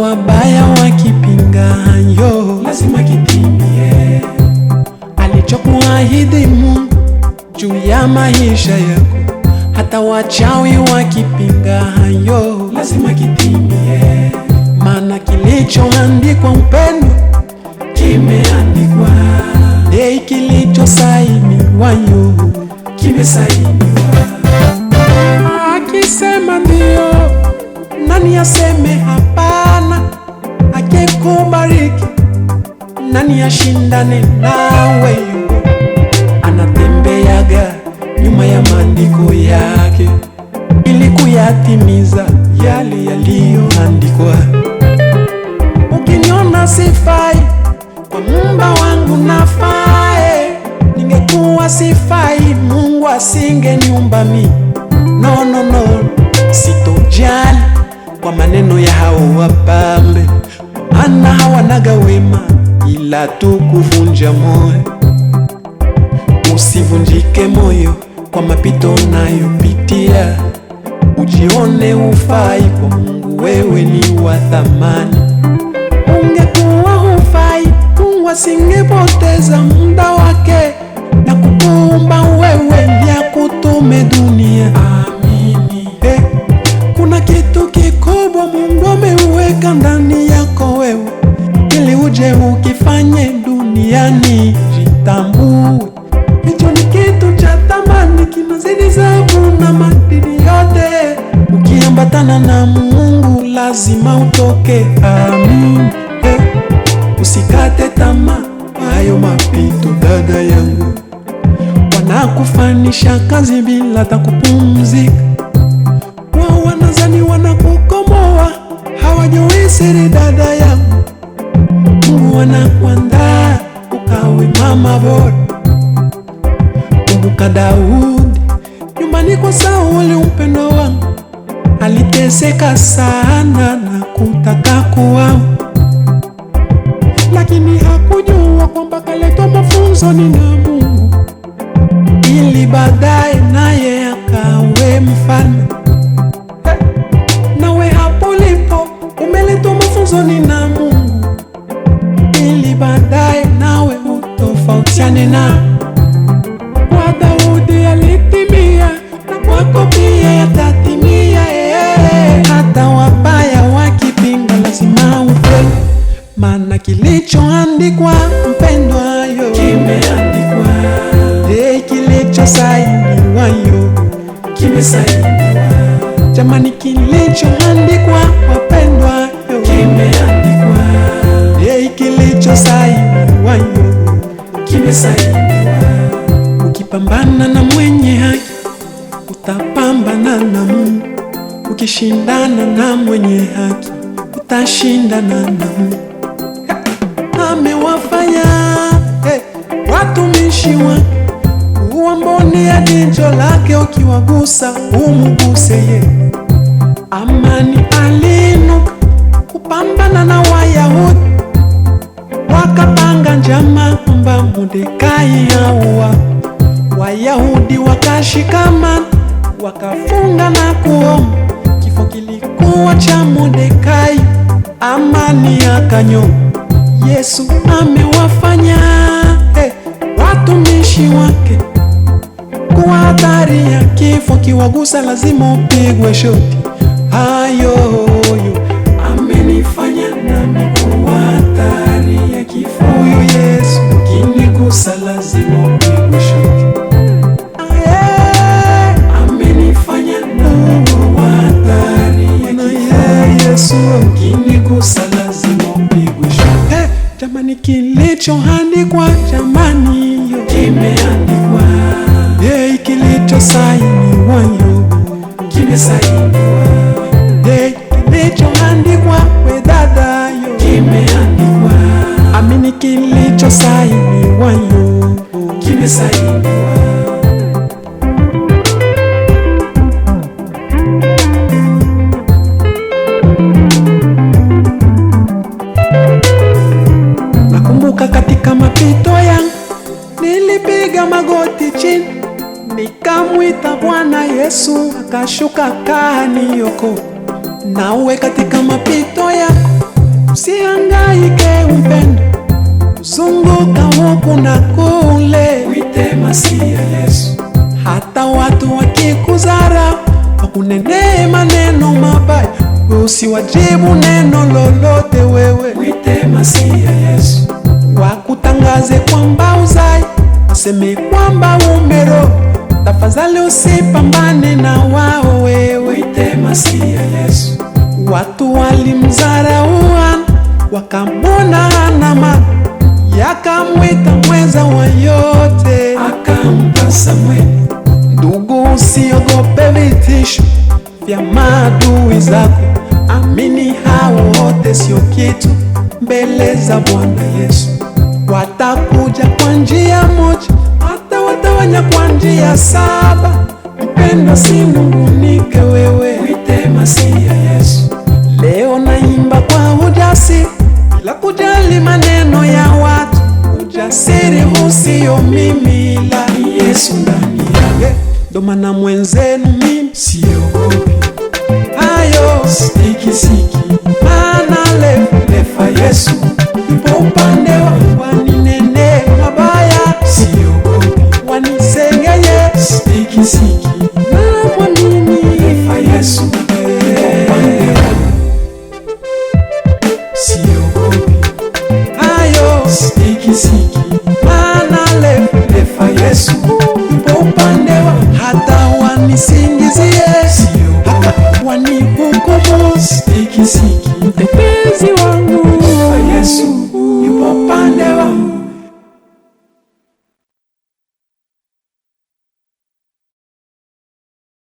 wabaya wakipinga hayo, lazima kitimie. Alichokuahidi Mungu juu ya maisha yako, hata wachawi wakipinga hayo, lazima kitimie. Maana kilichoandikwa upendo kimeandikwa, dei kilichosainiwa yo kimesainiwa. Akisema ndio, nani aseme hapa? kubariki nani ashindane nawe? Anatembeaga nyuma ya maandiko yake ili kuyatimiza yale yaliyoandikwa. Ukiniona sifai kwa mumba wangu nafae, ningekuwa sifai Mungu asingeniumba mi. No, no, no, sitojali kwa maneno ya hao wapambe. Hana hawanaga wema ila tu kuvunja moyo. Usivunjike moyo kwa mapito unayopitia, ujione ufai kwa Mungu, wewe ni wa thamani. Ungekuwa hufai, Mungu asingepoteza muda wake na kukuumba. duniani jitambue, hicho ni kitu cha thamani, kinazidi zabu na madini yote. Ukiambatana na Mungu lazima utoke, amin. Eh, usikate tamaa, hayo mapito dada yangu, wanakufanisha kazi bila hata kupumzika. Wao wanazani siri dada yangu, Mungu anakuandaa we mama boy. Kumbuka Daudi nyumbani kwa Sauli, upendo wangu aliteseka sana na kutaka kuwa, lakini hakujua kwamba kaletwa mafunzo ni na Mungu ili baadaye naye akawe mfalme. Nawe hapo lipo umeletwa mafunzo ni na kimesainiwa. Jamani, kilichoandikwa wapendwa, kimeandikwa. Hey, kilichosainiwa kimesainiwa. Ukipambana na mwenye haki utapambana na Mungu, ukishindana na mwenye haki utashindana na Mungu. Amewafanya hey, watumishi wake ya jicho lake ukiwagusa umuguse ye. Amani alinuka kupambana na Wayahudi, wakapanga njama kwamba Mordekai yauwa. Wayahudi wakashikamana wakafunga na kuomba, kifo kilikuwa cha Mordekai, amani akanyo Yesu amewafanya hey, eh, watumishi wake Kifo kiwagusa lazima upigwe shoti. Hayo amenifanya nami kuwa hatari ya kifo. Huyu Yesu kinigusa lazima upigwe shoti. Amenifanya nami kuwa hatari lazima upigwe shoti. Jamani, kilichoandikwa jamani yo inside. nikamleta Bwana Yesu, akashuka kaniyoko. Nawe katika mapito ya usihangaike, upendo zunguka huku na kule, wite Masia Yesu. Hata watu wakikuzara wakunenee maneno mabaya, usiwajibu neno lolote, wewe wite Masia Yesu. Wakutangaze kwamba uzai, waseme kwamba umeroho tafadhali usipambane na wao wewe. Watu walimdharau wakamwona hana maana, yakamwita mweza wa yote, akampasa mwema. Ndugu, usiogope vitisho vya maadui zako, amini hao wote sio kitu mbele za Bwana Yesu. ya saba, mpendwa si Mungu nike wewe, wite masihi ya Yesu. Leo naimba kwa ujasiri bila kujali maneno ya watu, ujasiri usio mimi ila Yesu ndani yangu, ndo maana mwenzenu mimi siogopi hayo siki siki, maana Ani Pocobos, tem que seguir.